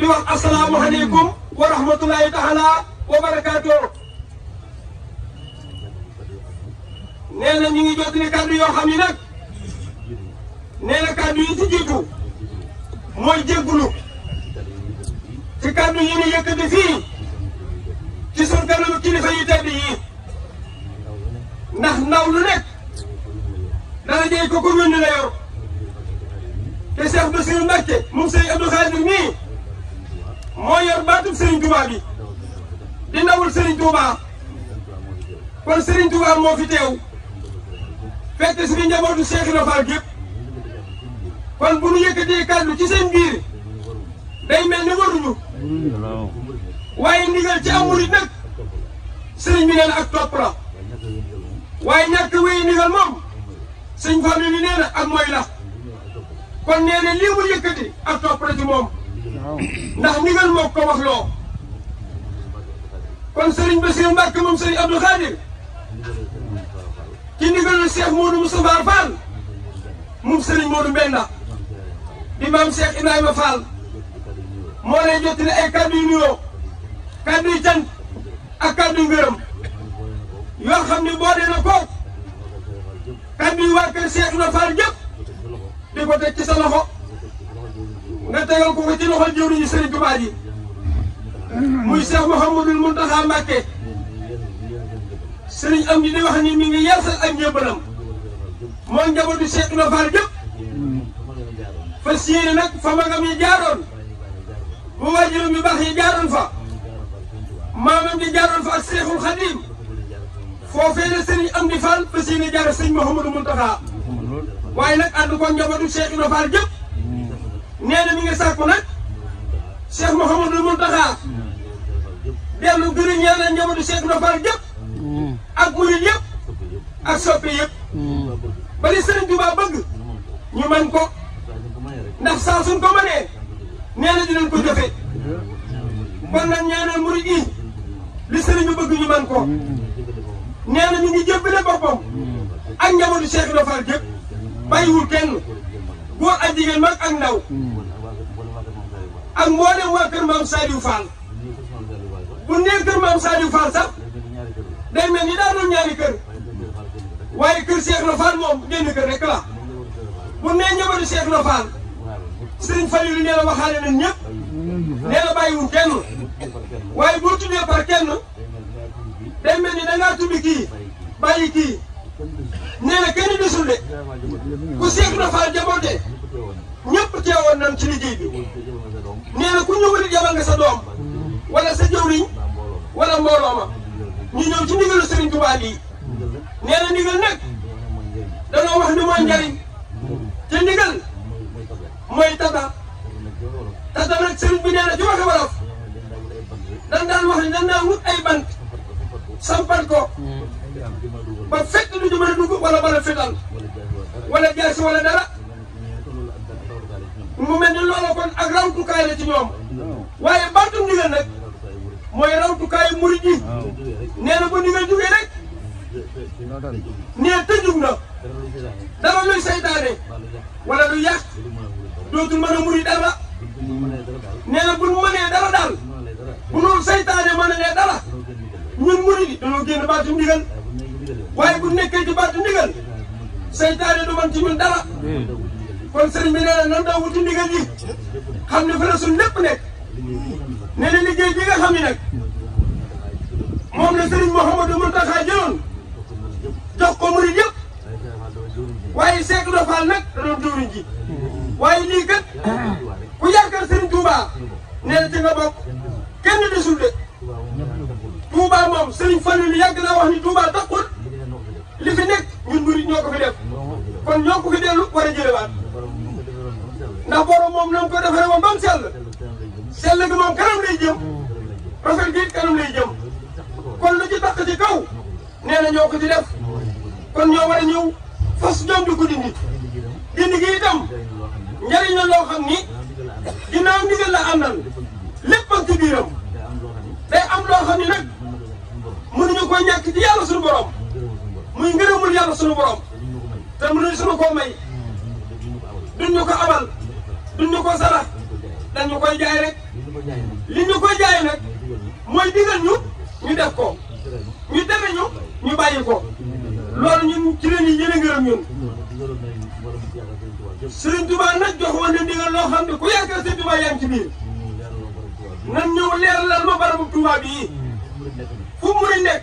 di wax asalaamualeykum wa rahmatulahi taala wa barakaatoo nee na ñu ngi jotali kàddu yoo xam ni nag nee na kàddu yi ci jiitu mooy jéggulu ci kàddu yi ñu yëkkati fii ci sunu kanamu kilifa yu tedd yi ndax ndaw lu nekk dara jëy ko commune la yor te Cheikh Bassirou Mbacké moom sëñ Abdou Khadir mii moo yor baatub Serigne Touba bi di ndawul Serigne kon Serigne Touba moo fi teew fekk si fi njabootu Cheikh Ibra Fall gépp kon bu nu yëkkatee kàddu ci seen biir day mel ni waruñu waaye ndigal ci amul it sëriñ bi nee ak topp la waaye ñàkk wéy ndigal moom sëñ Fallu ni nee na ak mooy la kon nee lii mu yëkkati ak topp la ci moom. ndax ndigal moo ko wax loo kon Serigne Bassirou Mbacke moom Serigne Abdou Khadir ci ndigalul Cheikh Modou Moustapha Fall moom Serigne Modou Mbenda di maam Cheikh Ibrahima Fall moo lay jottali ay kàddu yu nuyoo kàddu ak kàddu ngërëm yoo xam ne boode na ko kàddu yu waa kër Cheikh Ibrahima Fall jëpp di ko teg ci sa loxo. nga tegal ko ko ci loxol jëwriñu sëriñ Tuubaa ji muy Cheikh Mouhamadul Mountakha Mbacké sëriñ am di di wax ni mi ngi yeesal ak njëbbalam moo njabootu Cheikh Ibra Fall jëpp fas yéene nag fa magam yi jaaroon bu waajuram yu baax yi jaaroon fa maamam di jaaroon fa ak Seexul Xadiim foofee la sëriñ am di Fall fas yéene jaaroon sëriñ Mouhamadou Mountakha waaye nag ànd ko njabootu Cheikh Ibra Fall jëpp nee mi ngi sàkku nag Cheikh Mouhamadou Mountakha dellu gën a ñaanal njabootu Cheikh Ibra Fall yëpp ak murid yëpp ak soppe yëpp ba li Sëriñ bëgg ñu man ko ndax saa suñ ko mënee nee na dinañ ko jëfe kon nag ñaanal murid yi li sëriñ bi bëgg ñu man ko nee na ñu ngi jébbale boppam ak njabootu Cheikh Ibra Fall yëpp bàyyiwul kenn góor ak jigéen mag ak ndaw. ak mboolem waa kër maam Saliou Fall. bu nee kër maam Saliou Fall sax day mel ni daa doon ñaari kër. waaye kër Cheikh Ibra Fall moom génn kër rek la. bu nee njabootu Cheikh Ibra Fall. Serigne Fallou li nee la waxaale nañ ñëpp. nee la bàyyiwul kenn. waaye boo tuddee par kenn. day mel ni da ngaa tudd kii bàyyi kii. nee na kenn desul de ku Seex Ibra Faal jaboote ñëpp teewoon nañ ci liggéey bi nee na ku ñëw it yabal nga sa doom wala sa jëwriñ wala mbooloo ma ñu ñëw ci ndigalu Sëriñ Tuubaa lii nee na ndigal nag danoo wax ni mooy njariñ te ndigal mooy tata tata nag sëriñ bi nee na ci waxe wolof dan daan wax ni dan daan wut ay bant sampal ko ba fekk du ñu mën a dugg wala bala fetal wala jaas wala dara mu mel ni kon ak rawtukaay la ci ñoom waaye baatum ndigal nag mooy rawtukaayu murid yi nee na bu ndigal jógee rek nee tëjug na dara wala lu ya. murid dara nee bu ñu mënee dara daal bu noonu saytaane mën a dara ñun murid yi dañoo génn baatum waaye bu nekkee ci baatu ndigal seytaane du man ci ñun kon sëriñ bi nee na nan daw wuti ndigal yi xam ne fa la suñ lépp nekk nee na liggéey bi nga xam ne nag moom la sëriñ Mouhamadou Mountakha jëloon jox ko murid yëpp waaye Cheikh Ibra Fall nag da ji waaye lii kat ku yaakaar sëriñ Touba nee na nga bokk kenn desul de Touba moom sëriñ Fallu yàgg naa wax ni Touba taxul li fi nekk ñun murit ñoo ko fi def kon ñoo ko fi dellu war a jëlewaat ndax borom moom na ko defaree moom ba mu sell sell gi moom kanam lay jëm rafet gi kanam lay jëm kon lu ci takk kaw nee na ñoo ko ci def kon ñoo war a ñëw fas ñoom di ko dindi dindi gi itam njariñ loo xam ni ginnaaw ndigal la àndal lépp ak ci biiram am loo xam ni nag mënuñu ko ñàkk ci yàlla suñu borom. muy ngërëmul yàlla sunu borom te mënuñ sunu koo may duñ ñu ko abal duñ ñu ko sarax dañ ñu koy jaay rek li ñu koy jaay nag mooy digal ñu ñu def ko ñu tere ñu ñu bàyyi ko loolu ñun ci la ñuy jëlee ngërëm ñun. Serigne Touba nag jox woon na ndigal loo xam ne ku yaakaar Serigne Touba yaa ngi ci biir nan ñëw leeralal ma barabu Touba bii fu mu nekk.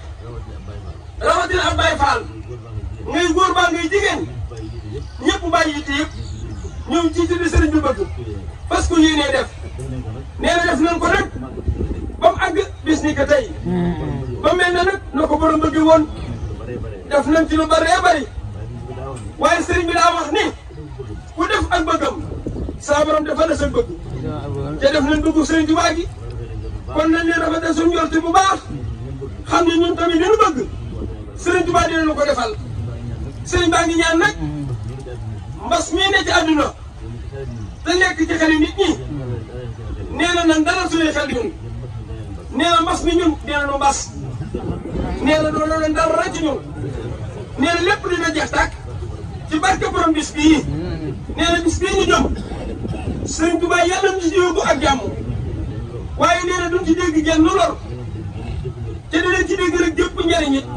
rawatina ak Baye Fall ngay góor baa ngay jigéen ñëpp bàyyi yitte yëpp ñoom ci li sëriñ bi bëgg parce que yéenee def nee def nañ ko nag ba mu àgg bis ni que tey ba mel na nag na ko borom bëgg woon def nañ ci lu bëree bëri waaye sëriñ bi daa wax ni ku def ak bëggam saa borom defal la sa bëgg te def nañ bëggu sëriñ Tuubaa gi kon nañ leen rafetal suñu njort bu baax xam ne ñun tamit li ñu bëgg. sëriñ Tuubaa dina nu ko defal sëriñ baa ngi ñaan nag mbas mii ci àdduna te nekk ci xel nit ñi nee na nan dara suñuy xel ñun mi ñun nee na nu mbas la lépp dina jeex tàkk ci barke borom bis bii nee na bis bii ñu jëm sëriñ Tuubaa yàlla ñu si yóbbu ak jàmm waaye nee na duñ ci dégg genn lor te dinañ ci dégg rek jëpp njariñ it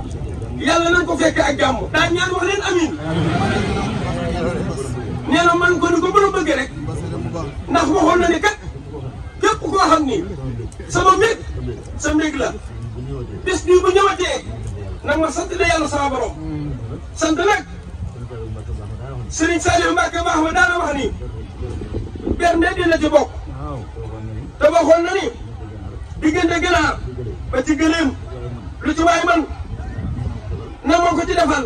yàlla nañ ko fekk ak jàmm daañu ñaan wax leen amin nee man ko ko mën bëgg rek ndax waxoon na ne kat képp koo xam sama mbég sa mbég la bés bii bu ñëwatee nag ma sant na yàlla sama borom sant nag Serigne wax ni ci na ni ba ci lu ci man na ma ko ci defal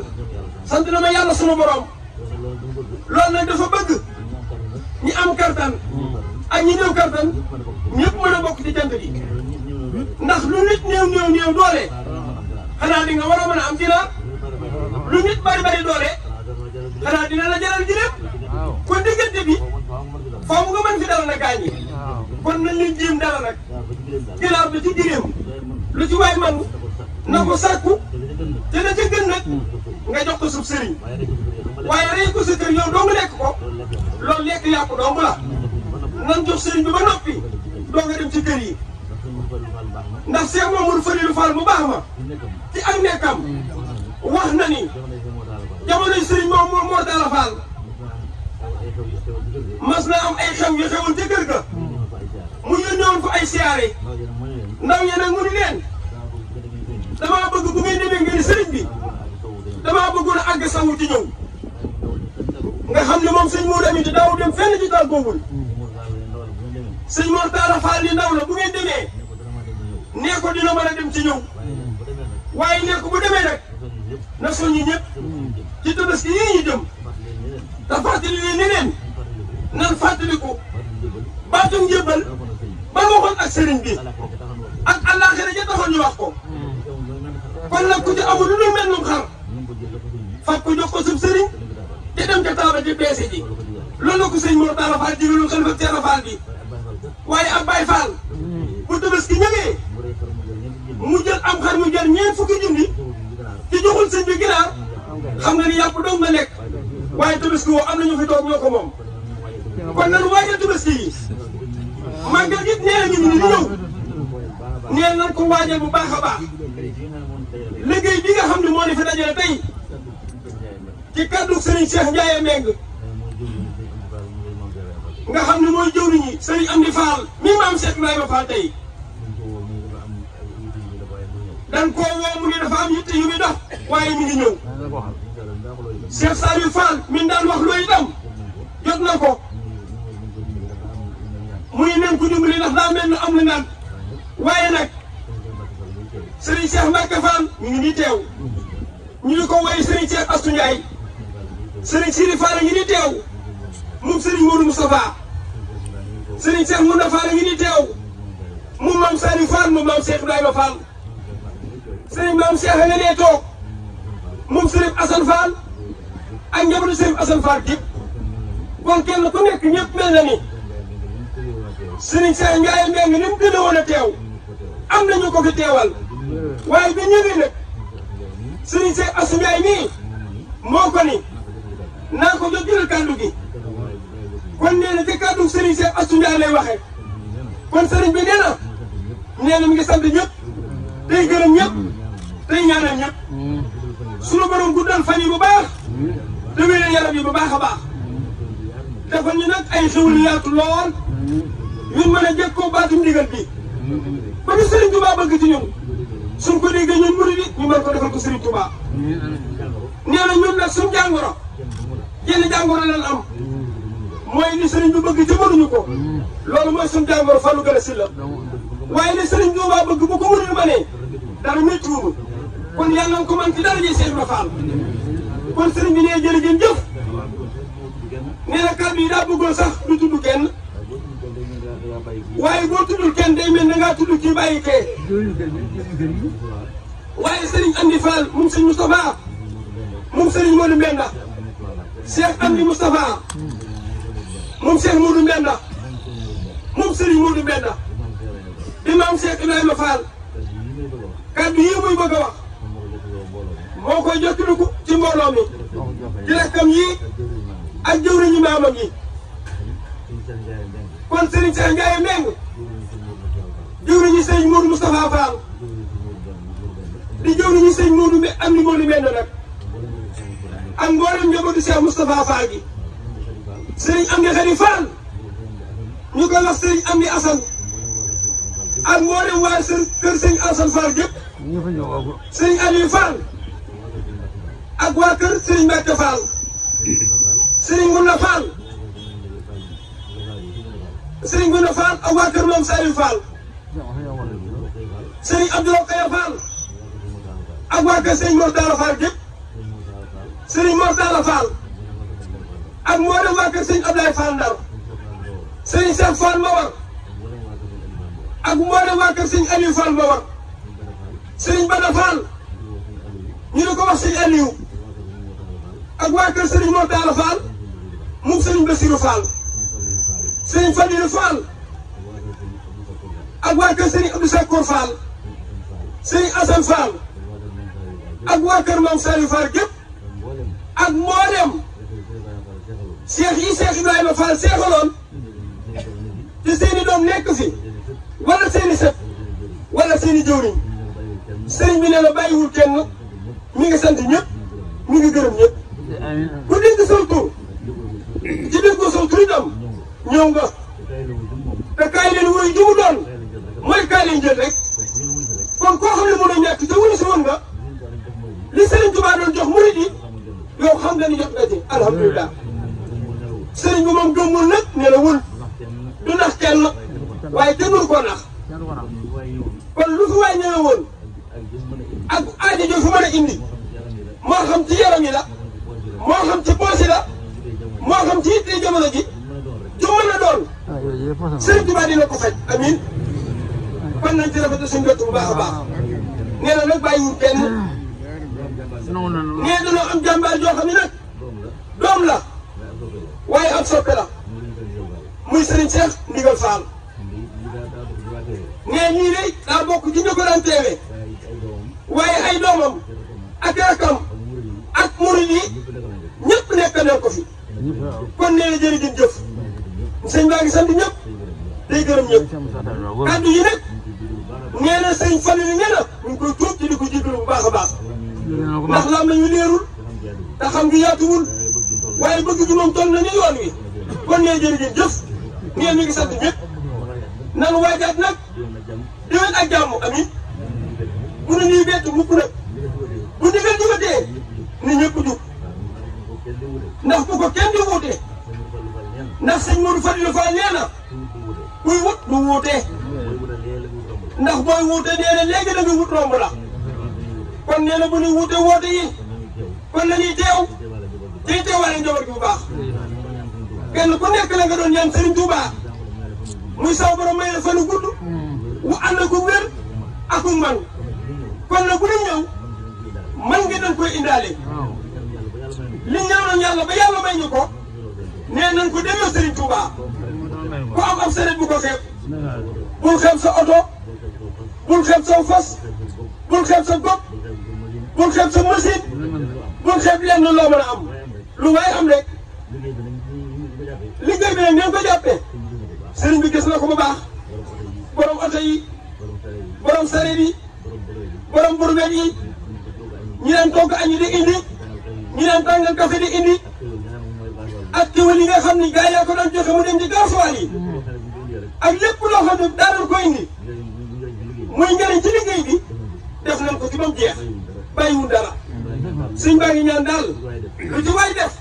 sant na ma yàlla sunu borom loolu nag dafa bëgg ñi am kartan ak ñi néew kartan ñëpp mën a bokk ci jant bi ndax lu nit néew néew doole xanaa di nga war a mën a am dinaar lu nit bari bari doole xanaa dina la jaral ji lépp kon diggante bi foofu nga mën fi dal na gaañi kon nañ leen jéem dara nag ginaar ci giréem lu ci waay man na ko sàkku te la ca gën nag mm. nga jox ko suuf sëriñ waaye rey ko sa kër yow dong lekk ko loolu lekk yàpp dong la nan jox sëriñ bi ba noppi doo nga dem ci kër yi ndax Seex Mamadou Falilu moom moom moo dala Fall mas na am ay xew yu xewul ca kër ga mu yónni woon ko ay siyaare ndaw ñi nag mënu leen damaa bëgg bu ngeen demee ngeen sëriñ bi damaa bëggoon a àgg sangu ci ñëw nga xam ne moom sëñ Modou Aminta daaw dem fenn ci tàggoowul sëñ Mor Talla Fall li ndaw la bu ngeen demee nee ko dina mën a dem ci ñëw waaye nee ko bu demee nag na soññi ñëpp ci tabaski yii ñu jëm te nan fàttaliku baatum njëbbal ba waxoon ak sëriñ bi ak àllaaxira ja taxoon ko. kon nag ku ci amul lu dul mel num xar fab ko jox ko sub sëriñ dem ca taaba di beese ji loolu la ko sëñ Mor Talla Fall digaloon xalifa Thierno Fall bi waaye ab Baye Fall bu tabaski ñëwee mu jël am xar mu jël ñeent fukki junni ci joxul sëñ bi ginaar xam nga ni yàpp dong nga lekk waaye tabaski woo am na ñu fi toog ñoo ko moom kon nanu waajal tabaski yi màggal gi nee nañu ñu ñëw nee nañ ko waajal bu baax a baax liggéey bi nga xam ne moo ne fi dajale tey ci kaddu Serigne Cheikh Ndiaye Meng nga xam ne mooy jëwriñ ñi Serigne Amdi Fall mi maam Cheikh Ibrahima Fall tey dan koo woo mu ne dafa am yitte yu muy dox waaye mi ngi ñëw Cheikh Saliou Fall min daan wax looy itam jot na ko muy nen ko dimbali ndax daa mel ne am na naan waaye nag Serigne Cheikh Mbacke Fall mi ngi nii teew ñu ni ko woy Serigne Cheikh Astou Ndiaye Serigne Siri Fall ngi nii teew moom Serigne Modou Moustapha Serigne Cheikh Mounda Fall ngi nii teew moom maam Saliou Fall moom maam Cheikh Ibrahima Fall Serigne maam Cheikh a nga toog moom Serigne Assane Fall ak njabootu Serigne Assane Fall képp kon kenn ko nekk ñëpp mel na ni Serigne Cheikh Ndiaye Mbengue ni mu gën woon a teew am nañu ko fi teewal. waaye bi ñëwee nag sëriñ Seex Asu Njaay mii moo ko ni naa ko jox jël kàddu gi kon nee na ci kàddu sëriñ Seex Asu Njaay lay waxee kon sëriñ bi nee na nee na mi ngi sant ñëpp tey gërëm ñëpp tey ñaanal ñëpp sunu borom guddal fan yi bu baax te wéral yaram yi bu baax a baax defal ñu nag ay xewul yaatu lool ñun mën a jëkkoo baatum ndigal bi ba ñu sëriñ Tuubaa bëgg ci ñun léegi ñun murid yi ñu mën ko defal ko Serigne Touba nee na ñun nag suñu jàngoro jenn jàngoro lan am mooy li Serigne bi bëgg te mënuñu ko loolu mooy suñu jàngoro Fallou Galassine la waaye li Serigne Touba bëgg bu ko murid ma ne dara méttiwul kon yàlla na ko mën ci dara ñuy Cheikh Ibra Fall kon Serigne bi nee jërëjëf jëf nee na kàddu yi daa bëggoon sax du tudd kenn. waaye boo tuddul kenn day mel na ngaa tudd kii bàyyi kee waaye Serigne Amdi Fall moom Serigne Moustapha moom Serigne Modou Mbenda Cheikh Amdi Moustapha moom Cheikh Modou Mbenda moom Serigne Modou Mbenda di maam Cheikh Ibrahima Fall kàddu yi muy bëgg a wax moo koy jottaliku ci mbooloo mi ci lekkam yi ak jëwriñu maamam yi kon Serigne Cheikh Ndiaye Mbengue jëwriñu Serigne Modou Moustapha Fall. di jëw nañu sëñ Modou Mbé am ni Modou Mbé nag ak mboolem gi sëriñ am ni xëri Fall ñu ko wax am ni Assane ak mboolem waa sër kër sëñ Assane Fall gépp sëriñ Aliou Fall ak waa kër sëriñ Mbacke Fall sëriñ Ngounda Fall sëriñ Ngounda Fall ak waa kër moom Saliou Fall sëriñ Abdoulaye Kaya Fall ak waa kër sëriñ Mor Talla Fall gépp sëriñ Mor Talla Fall ak mboolem waa kër sëriñ Abdoulaye ak mboolem waa ñu ne ko wax sëriñ ak waa kër sëriñ Mor Talla Fall mu sëriñ Bassirou Fall sëriñ ak waa kër sëriñ Abdou Sakkour Fall sëriñ ak waa kër maam Saliou Fall gépp ak mboolem seex yi seex Ibrahima Fall seexaloon te seeni doom nekk fi wala seeni sët wala seeni jëwriñ sëriñ bi ne la bàyyiwul kenn mi ngi sant ñëpp mi ngi gërëm ñëpp ku dégg surtout ci dégg ko surtout itam ñëw nga te kaay leen wuyu ju doon mooy kaay leen rek kon koo xam ne mën a ñàkk te wëlu si woon nga li Serigne Touba doon jox murid yi yow xam nga ni jot nga ci alhamdulilah Serigne bi moom gëmmul nag ne la wul du nax kenn waaye gënul koo nax kon lu fi waay ñëwee woon ak aajo joo fi mën a indi moo xam ci yaram yi la moo xam ci poos yi la moo xam ci yitte jamono ji ju mën a doon Serigne Touba dina ko faj amin kon nañ ci rafetlu suñu bët bu baax a baax nee na nag bàyyiwul kenn. nee dina am jàmbaar joo xam ne nag doom la waaye ab soppe la muy Serigne Cheikh Ndigal Fall nee ñii de daa bokk ci ñu ko daan teewee waaye ay doomam ak rakam ak murid yi ñëpp nekk nañ ko fi kon nee na jërëjëf jëf sëñ baa ngi sant ñëpp day gërëm ñëpp kàddu yi nag nee na sëñ Fallu ndax lam nañu leerul te xam gi yaatuwul waaye bëgg gi moom toll na ni yoon wi kon nee jërëjëf jëf nee ñu ngi sant ñëpp nanu waajaat nag déwén ak jàmm amit bu nu ñuy bett mukk nag bu ndigal jubatee ni ñëpp jub ndax bu ko kenn di wuute ndax sëñ Modou Fadilou Fall nee na kuy wut du wuute ndax booy wuute nee na léegi da wut romb la kon neena bu ñu wuté wote yi kon nañuy teew té teewaale njaboot gi bu baax kenn ku nekk la nga doon ñaan Serigne Touba muy saw borom may la lu gudd wu and ko wër ak man kon la bu ñu ñew man nga dañ koy indalé li ñaanoon yàlla ba yalla may ñu ko nañ ko demee Serigne Touba ko am ab seret bu ko xeeb bu xeeb sa auto bul xeeb sa fas bul xeeb sa bop bul xeeb sa machine bul xeeb lenn loo mën a am lu may am rek liggéey bi nag ni ko jàppee sëriñ bi gis na ko bu baax borom oto yi borom sareet yi borom burbeet yi ñi daan togg añu di indi ñi daan tàngal kafe di indi ak teewul yi nga xam ni gars yaa ko doon joxe mu dem ci gasoil yi ak lépp loo xam ne ko indi muy njëriñ ci liggéey bi def nañ ko ci ba jeex. bàyyiwul dara suñ baa ngi ñaan daal lu ci waay def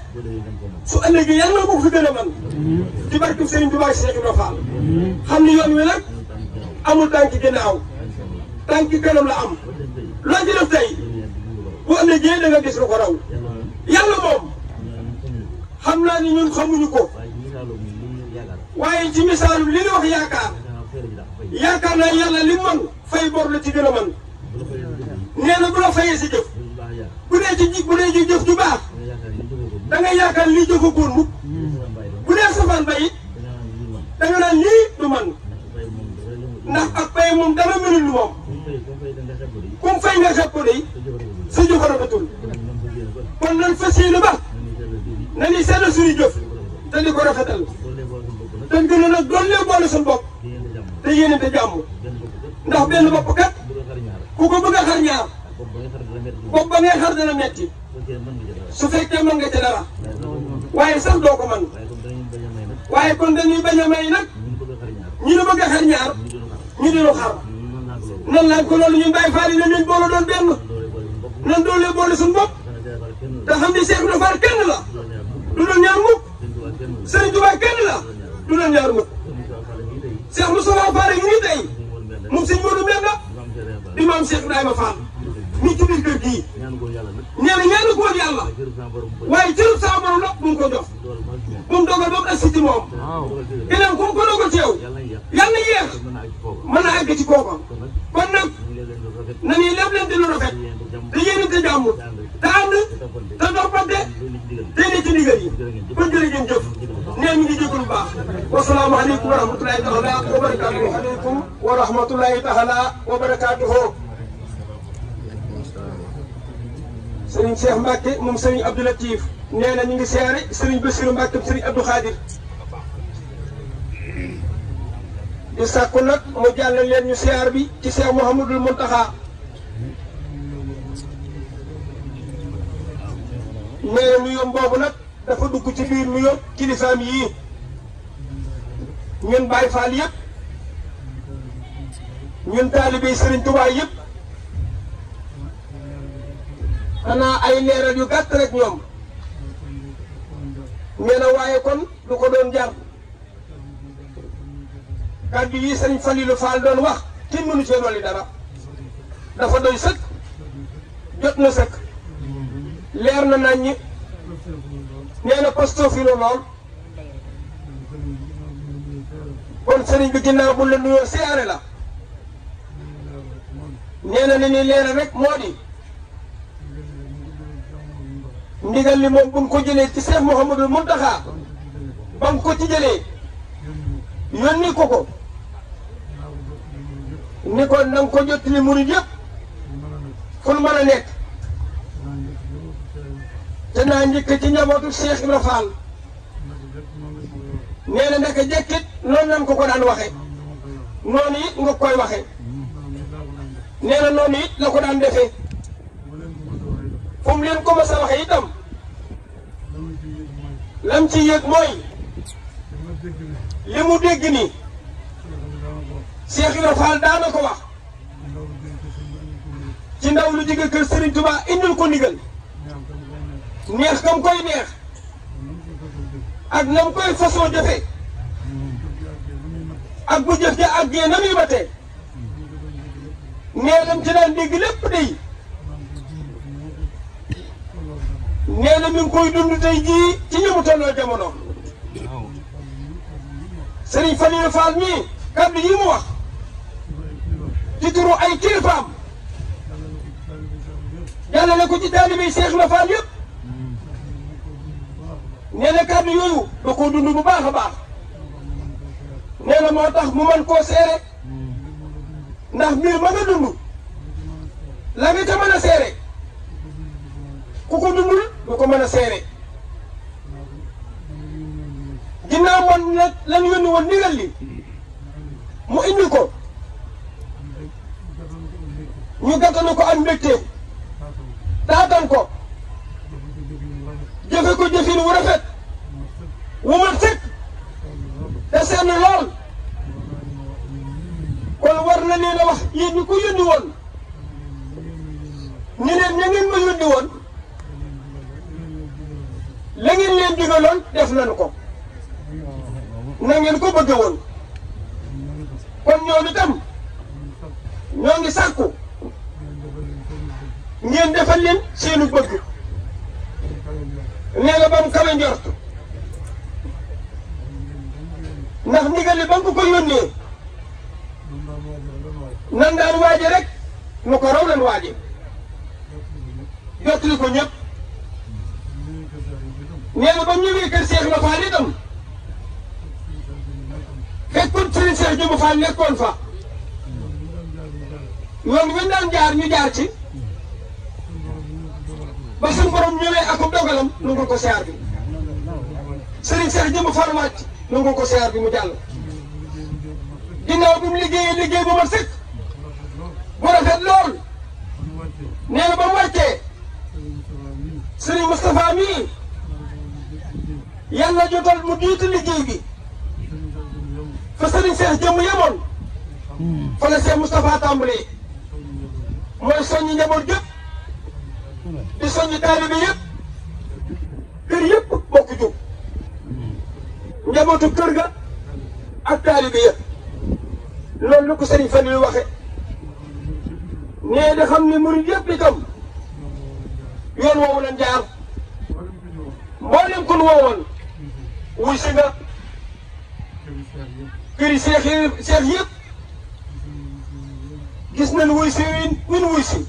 su ëllëgee yàlla na ko fi gën a man ci barke Serigne Touba Cheikh Ibra Fall xam ni yoon wi nag amul a aw tànk kanam la am loo ci def tey bu ëllëgee da nga gis lu ko raw yàlla moom xam naa ni ñun xamuñu ko waaye ci misaalu li ñu wax yaakaar yaakaar naa yàlla li man fay bor la ci gën a man nee na bu la fayee si jëf bu dee ci bu dee ci jëf ju baax da nga yaakaar lii jëfagoon mukk bu dee safaan bay it da nga naan lii du man ndax ak bay moom dara mënul lu moom kum fay nga xepp ko day sa jëfa rafetul kon nan fas yéene ba na ni seetlu suñu jëf te di ko rafetal te gën a nag doon lee boole suñu bopp te yéene te jàmm ndax benn bopp kat ku ko bëgg a xar ñaar bopp ba ngay xar dana metti su fekkee mën nga ca dara waaye sax doo ko mën waaye kon dañuy bañ a may nag ñu nu bëgg a xar ñaar ñu di lu xar nan laaj ko loolu ñun Baay Faal yi dañuy boole doon benn nan doolee boole suñu bopp te xam Seex Ibra Faal kenn la du doon ñaar mukk Seex Mustafaa Faal yi ñu ngi tey moom suñu mboolu mel na. imam Cheikh Ibrahima Fall ni ci biir kër gii nee na ñaanu góor yàlla waaye cërub saa borom la mu ngi ko jox bu mu dogal ba mu a ci moom keneen ku mu ko dogal ci yow yàlla yéex mën na àgg ci kon nag na ni leen di lu rafet bëgg jàmm te ànd te toppante te ne ci ndigal yi kon jërë ngeen jëf nee ñu ngi jégalu bu baax wasalaamaaleykum wa rahmatulahi taala wa barakaatuhu aleykum wa rahmatulahi taala wa barakaatuhu sëriñ Cheikh Mbacke moom sëriñ Abdou Latif nee na ñu ngi seere sëriñ Bassirou Mbacke sëriñ Abdou Khadir di sàkku nag mu jàllale leen ñu siyaar bi ci Cheikh Mouhamadul Mountakha nee nuyoom boobu nag dafa dugg ci biir nuyoo kilisaan yii ñun Baay Faal yëpp ñun taalibe Sëriñ Tuubaa yëpp xanaa ay leeral yu gàtt rek ñoom nee waaye kon du ko doon jar kàddu yi Sëriñ Falilu Faal doon wax kenn mënu cee dolli dara dafa doy sëkk jot na sëkk leer na nañ ñi nee na pastof yi la lool kon sëriñ bi ginnaaw bu la nuyoo siyaare la nee na li ñuy rek moo di ndigal li moom bu ñu ko jëlee ci Cheikh Mouhamadul Mountakha ba nga ko ci jëlee yónni ko ko ni ko na nga ko jot li murid yëpp fu nu mën a nekk danaa njëkk ci njabootu Cheikh Ibra Fall nee na ndaka jëkkit noonu lañ ko ko daan waxe noonu it nga koy waxe nee na noonu it la ko daan defee fu leen ko mas a waxe itam lam ci yëg mooy li mu dégg nii Cheikh Ibra Fall wax ci ndaw lu jóge kër Serigne indil ko ndigal neex kam koy neex ak nam koy façon defee ak bu jëf ja àggee na muy matee nee na mu ci daan dégg lépp day nee na mi ngi koy dund tey jii ci ñi mu tolloo jamono. Serigne Falilou Fall mii kàddu yi mu wax ci turu ay kilifaam yàlla na ko ci taalibe Cheikh Ibra Fall yëpp. nee na ka yooyu da koo dund bu baax a baax nee na moo tax mu mën koo seere ndax mbir ma nga dund la nga ca mën a seere ku ko dundul du ko mën a seere ginnaaw man nag lan indi ko ñu gàttanu ko am mbégte ko jëfe ko jëfin wu rafet wu mat sëkk te seen lool kon war na leen a wax yéen ñi ko yónni woon ni leen ngeen ma yónni woon la ngeen leen digaloon def nañu ko na ngeen ko bëgg woon kon ñooñu itam ñoo ngi sàkku ngeen defal leen seenu bëgg nee na ba mu kawe njort ndax ba mu ko ko yónnee nan daan rek nu ko raw lan waaje jottali ko ñëpp nee ba ñëwee kër Seex Ibra Faal itam fekkoon Sëriñ Seex Jumbu Faal nekkoon fa yoon wi daan jaar ñu jaar ci ba suñu borom ñëwee ak dogalam nangul ko siyaar bi Serigne Cheikh jëmb Fall wàcc ko siyaar bi mu jàll. ginnaaw bi mu liggéeyee liggéey bu ma sëkk bu lool nee ba mu wàccee Serigne Moustapha mii yàlla jotal mu jiitu liggéey bi fa Serigne Cheikh jëmb yemoon fa la Cheikh Moustapha mooy soññi njaboot jëpp. di soññ taalibe yëpp kër yëpp bokk jóg njabootu kër ga ak taalibe yëpp loolu la ko sëriñ Fallou waxe nee da xam ne murid yëpp itam yoon woowu lañ jaar mboolem kun woowoon wuy si nga kër yi seex yi seex yëpp gis nañ wuy si win wuy si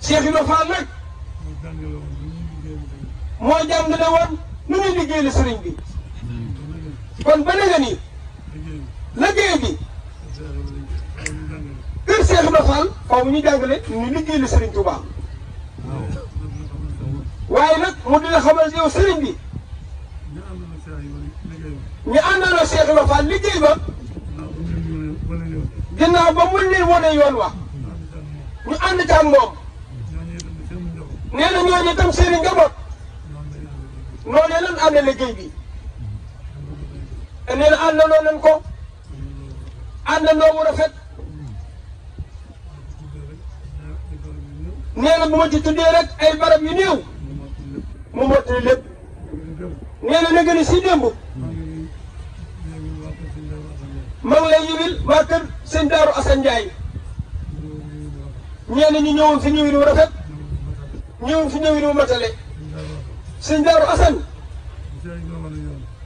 Cheikh Ibrahima Fall nag moo jàngale woon nu ñuy liggéeyal sëriñ bi kon ba nga ni liggéey bi kër Cheikh Ibrahima Fall faw mu ñu jàngale ñu liggéeyal sëriñ Touba waaye nag mu dina xamal yow sëriñ bi ñu àndaloo Cheikh Ibrahima liggéey ba ginnaaw ba mu leen wane yoon wax ñu ànd ca ak moom. nee na ñooñu itam seen i njaboot noonee lan ànd liggéey bi nee na àndandoo nañ ko àndandoo mu rafet nee bu ma ci tuddee rek ay barab yu néew mu mottali lépp nee na na gën a démb ma ngi lay yëbil kër sëñ Daaru Assane Ndiaye ñenn ñi si ñëwin wu rafet. ñëw fi ñëwinu matale sëñ daaru asan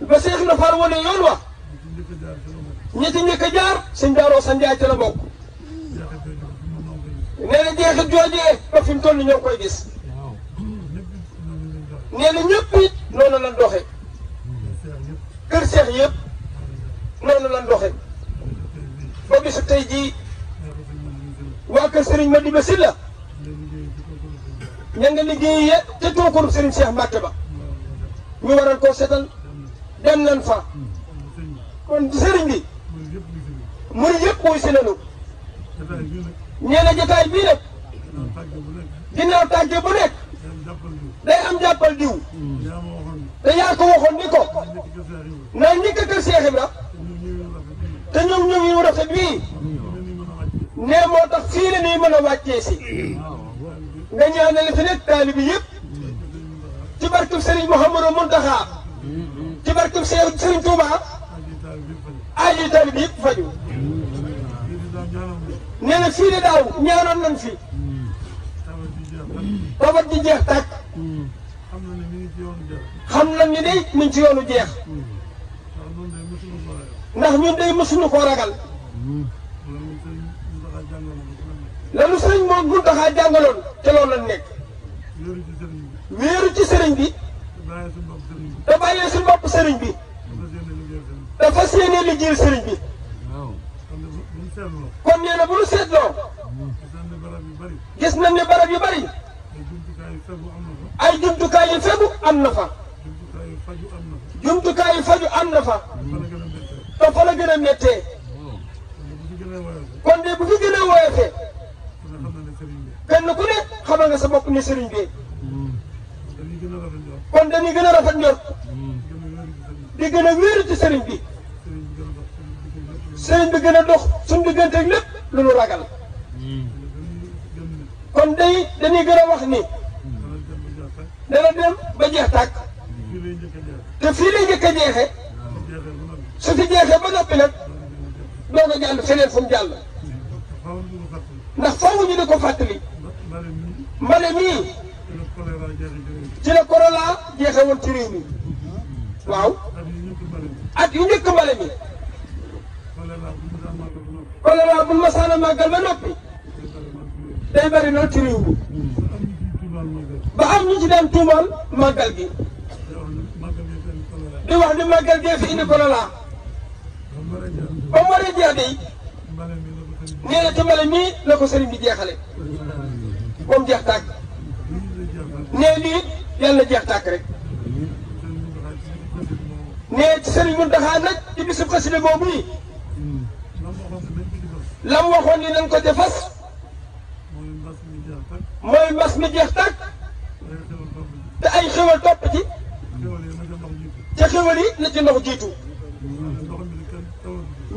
ba seex na faar wane yoon wa ñetti njëkk a jaar sëñ daaru asan jaay ca la bokk nee na jeexit joojee ba fi mu toll ñoo koy gis nee na ñëpp it noonu lan doxe kër seex yëpp noonu lan doxe ba bisu tey jii waa kër sëriñ Madiba Sylla ña nga liggéeyee te tuukaru Serigne Cheikh Mbacke ba ñu waral koo seetal dem nan fa kon sëriñ bi muri yëpp wuy si nanu ñee na jotaay bii nag ginnaaw tàgge bu nekk day am jàppal diw te yaa ko waxoon ni ko naa njëkk a kër Cheikh Ibra te ñoom ñoom yu rafet bii nee moo tax fii la ñuy mën a wàccee si nga ñaanal fi nekk taalibe yëpp ci barkeb Serigne Mouhamadou Mountakha ci barkeb Serigne Touba aji taalibe yëpp faju nee na fii de daaw ñaanoon nañ fi babat di jeex tàkk xam nañ ni day mi ci yoonu jeex ndax ñun day mësuñu koo ragal lanu sëriñ moom Mountakha jàngaloon te loolu lañ nekk. wéeru ci sëriñ bi. te bàyyee suñu sëriñ bi. dafa séenee liggéeyal sëriñ bi. kon nee na bu ñu seetloo. gis nañ ne barab yu bari. ay jumtukaay yu fegu am na fa. jumtukaay yu faju am na fa. te la gën a méttee. kon de bu fi gën a woyofee. kenn ku ne xamal nga sa bopp ne sëriñ bi kon dañuy gën a rafet njort di gën a wéeru ci sëriñ bi sëriñ bi gën a dox suñu digganteeg lépp lu nu ragal kon day dañuy gën a wax ni dana dem ba jeex tàkk te fii lay njëkk a jeexe su fi jeexee ba noppi nag doo ko jàll feneen fu mu jàll ndax faaw ñu di ko fàttali. mbale nii ci la corona jeexe woon ci mi waaw at yu njëkk mbale mi corona bu masaana màggal ba noppi day bari lool ci ba am ñu ci daan tuumaal màggal gi di wax ni màggal gee fi indi corona ba mu a jeex de nee na ci mbale mii la ko sëriñ bi jeexale ba mu jeex tàkk nee lii yàlla na jeex tàkk rek nee ci sëriñ Muntaxa nag ci bisub xasida boobu nii lam waxoon ni nañ ko defas mooy mbas mi jeex tàkk te ay xewal topp ci te xewal yi na ci ndox jiitu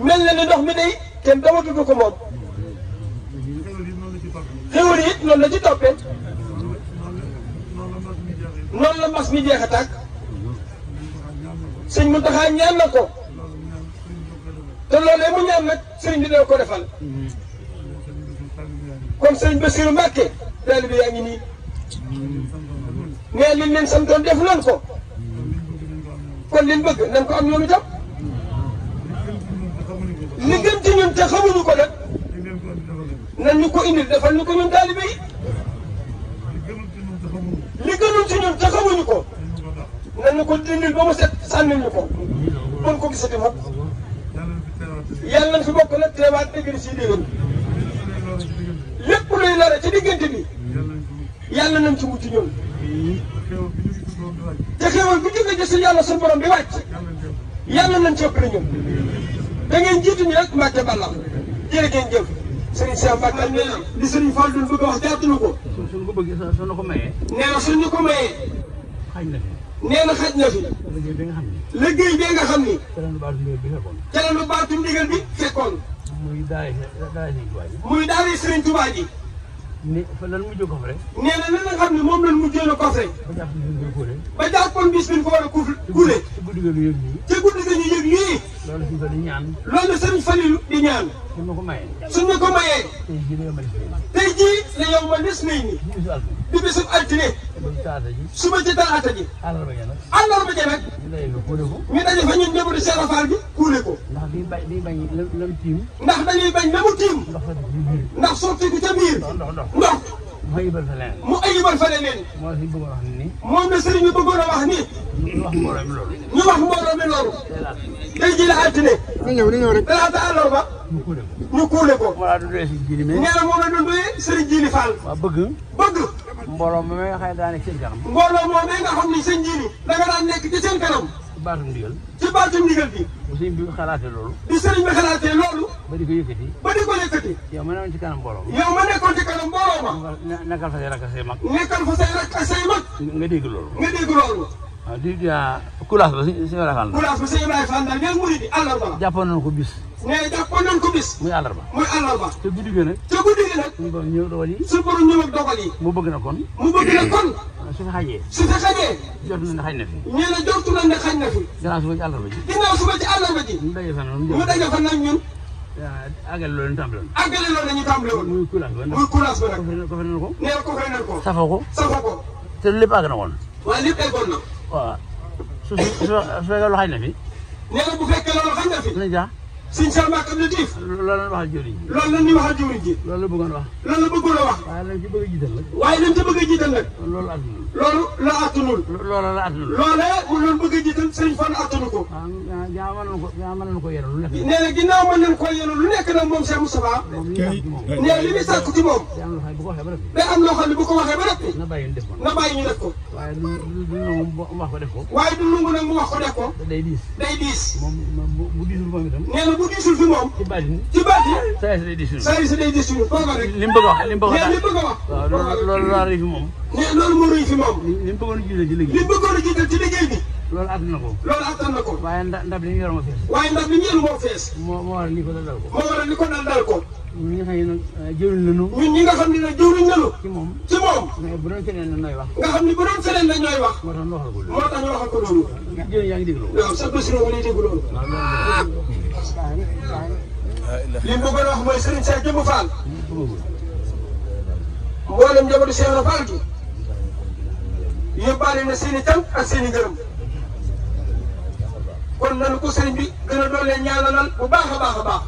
mel na ni ndox mi day kenn dawatutu ko moom xéwal yi it noonu la ci toppee noonu la mas mi jeex a tàkk sëñ Muntaxa ñaan na ko te loolee mu ñaan nag sëriñ bi doo ko defal kon sëriñ Basiru Mbàkke daal bi yaa ngi nii mais liñ leen santoon def nan ko kon liñ bëgg nan ko am ñoom itam li gën ci ñun te xamuñu ko nag. nan ñu ko indil defal ñu ko ñun taalibe yi li gënul ci ñun te xamuñu ko nan ñu ko indil ba mu set sànnil ñu ko mën ko gisati mukk yàlla nañ fi bokk nag teewaat dégg si dégg lépp luy lare ci diggante bi yàlla nañ ci mucc ñun te xéewal bu jóge ci suñu yàlla suñu borom bi wàcc yàlla nañ ci ëpp ñun da ngeen jiitu ñu rek Mbàkke Balla jërë ngeen jëf sëriñ Cheikh Mbacke nee na li sëriñ Fall doon bëgg a na ko. suñ ko bëggee sa suñ ko mayee. nee na suñ ñu ko mayee. xaj na fi. nee xaj na fi. liggéey bi xam ni. liggéey bi xam ni. jëlaat baatu ndigal mujjee na lan nga xam ne moom lan mujjee na ko fa ba jàppoon bis bi ñu ko war a kuule. ci guddi ga yëg lii. ci guddi ga yëg lii. loolu suñ fa di ñaan. loolu sëriñ Falilou di ñaan. suñ ko mayee. suñ ma ko mayee. tey jii la yow ma des nañ. tey jii la yow ma di bisu altine. su ma ci talaata ji. àllarba ja nag. àllarba ja nag. ñu daje fa ñun njabootu Cheikh Rafal bi kuule ko. ndax dañuy bañ dañuy bañ la mu tiim. ndax dañuy bañ la mu tiim. ndax sotti ko ca ndox. mu ayibal feneen. mu ayibal feneen. moo si bëggoon wax ni. moom la sëriñ bi bëggoon a wax ni. ñu wax mbooloo mi loolu. ñu wax mbooloo mi loolu. tey jii la altine. ñu ñëw ñu ñëw rek. talaata àllarba. ñu kuule ko ñu kuule ko. moo la doon doyee si jiili mais. nee na moom la doon doyee sëriñ jiili Fall. waaw bëgg. bëgg. mbooloo moom mi nga xam ne daa nekk seen kanam. mbooloo moom mi nga xam ne seen jiili. da nga daan nekk ci seen kanam. baatum ndigal. ci baatum ndigal bi. bu sëriñ bi xalaatee loolu. bi sëriñ bi xalaatee loolu. ba di ko yëkkati. ba di ko yëkkati. yow ma nekkoon ci kanam mbooloo ma. yow ma nekkoon ci kanam mbooloo ma. nekkal fa say rakk ak say mag. nekkal fa say rakk ak say mag. nga dégg loolu. nga kulaas ba sëñ Ibrahima Fall. kulaas ba sëñ Ibrahima Fall daal ngeen murid yi àllarba la. jàppoon ko bis. mais jàppoon nañu muy àllarba. muy àllarba. te guddi gi nag. te guddi gi nag. suñu borom ñëw dogal yi. suñu borom ñëw ak dogal yi. mu bëgg na kon. mu bëgg na kon. su fi xajee. su fi xajee. jot na ne xaj na fi. nee na jotu nañ ne xaj na fi. ginnaaw suba ci àllarba ji. ginnaaw suba ci àllarba ji. mu daje fan mu daje ñun. àggale loolu ñu tàmbale woon. àggale loolu la ñu tàmbale woon. muy ko feneen na ko feneen ko. safoo ko. safoo ko. te lépp àgg na woon. waaw lépp eggoon na. waaw su su xaj na fi. nee bu fekkee loolu xaj na fi. suñ Cheikh Mbacke Abdou Latif. loolu la ñu waxal jëriñ. loolu la ñuy waxal jëriñ ji. loolu la bëggoon wax. loolu la bëggoon a wax. waaye lañ ci bëgg a jiital nag. waaye lañ ci bëgg a jiital nag. loolu attanul. loolu la attanul. loolu la attanul. loolee mu doon bëgg a jiital sëñ Fallou attanu ko. ah jaa mën nañu ko jaa mën nañu ko yenu lu nekk. nee na ginnaaw mën nañu ko yenu lu nekk nag moom Cheikh Moustapha. nee na li muy sàkku ci moom. day am loo xam ne bu ko waxee ba rëpp. na bàyyi ñu def ko. waaye du du nangu mu wax ko def ko. waaye du nangu nag mu wax ko def ko. day diis day diis. moom bu diisul moom itam. ne bu gisul fi moom. ci bàjj ci bàjj. saa yu si day disul. saa yu si day disul foo ko rek. li mu bëgg a wax li mu bëgg a wax. waaw loolu loolu laa rëy fi moom. mais loolu moo rëy fi moom. li mu bëggoon a jiital ci liggéey bi. li mu bëggoon a jiital ci liggéey bi. loolu at na ko. loolu attan na ko. waaye ndab li ñu yor moo fees. waaye ndab li moo moo moo waral li ko dal dal ko. moo waral li dal dal ko. ñun ñi nga xam ne nag euh, jëluñ nañu. ñun ñi nga xam ne nag jëluñ nañu. ci moom ci moom. mais la ñooy nga xam ni bu doon keneen la ñooy wax. moo tax ñu waxal ko loolu. moo tax ñu waxal ko loolu. jërëjëf yaa ngi dégg loolu. waaw sa bés la wala dégg loolu. li mu bëggoon wax mooy Serigne Cheikh Jumbu Fall. mboolem na seen i tan ak seen kon nanu ko sëriñ bi gën a doole ñaanalal bu baax a baax a baax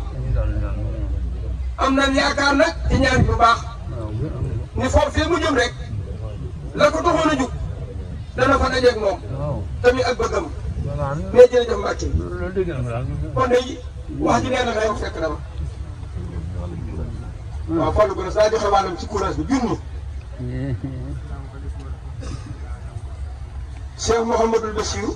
am nañ yaakaar nag ci ñaan bu baax ni foofu fii mu rek la ko taxoon a jug dana fa dajeeg moom tamit ak bëggam ne jërëjëf Mbacke kon de wax ji nee na ngay fekk dama waaw Fallou Gora daa joxe wàllam ci courage bi jur ñi Cheikh Mouhamadou Bassirou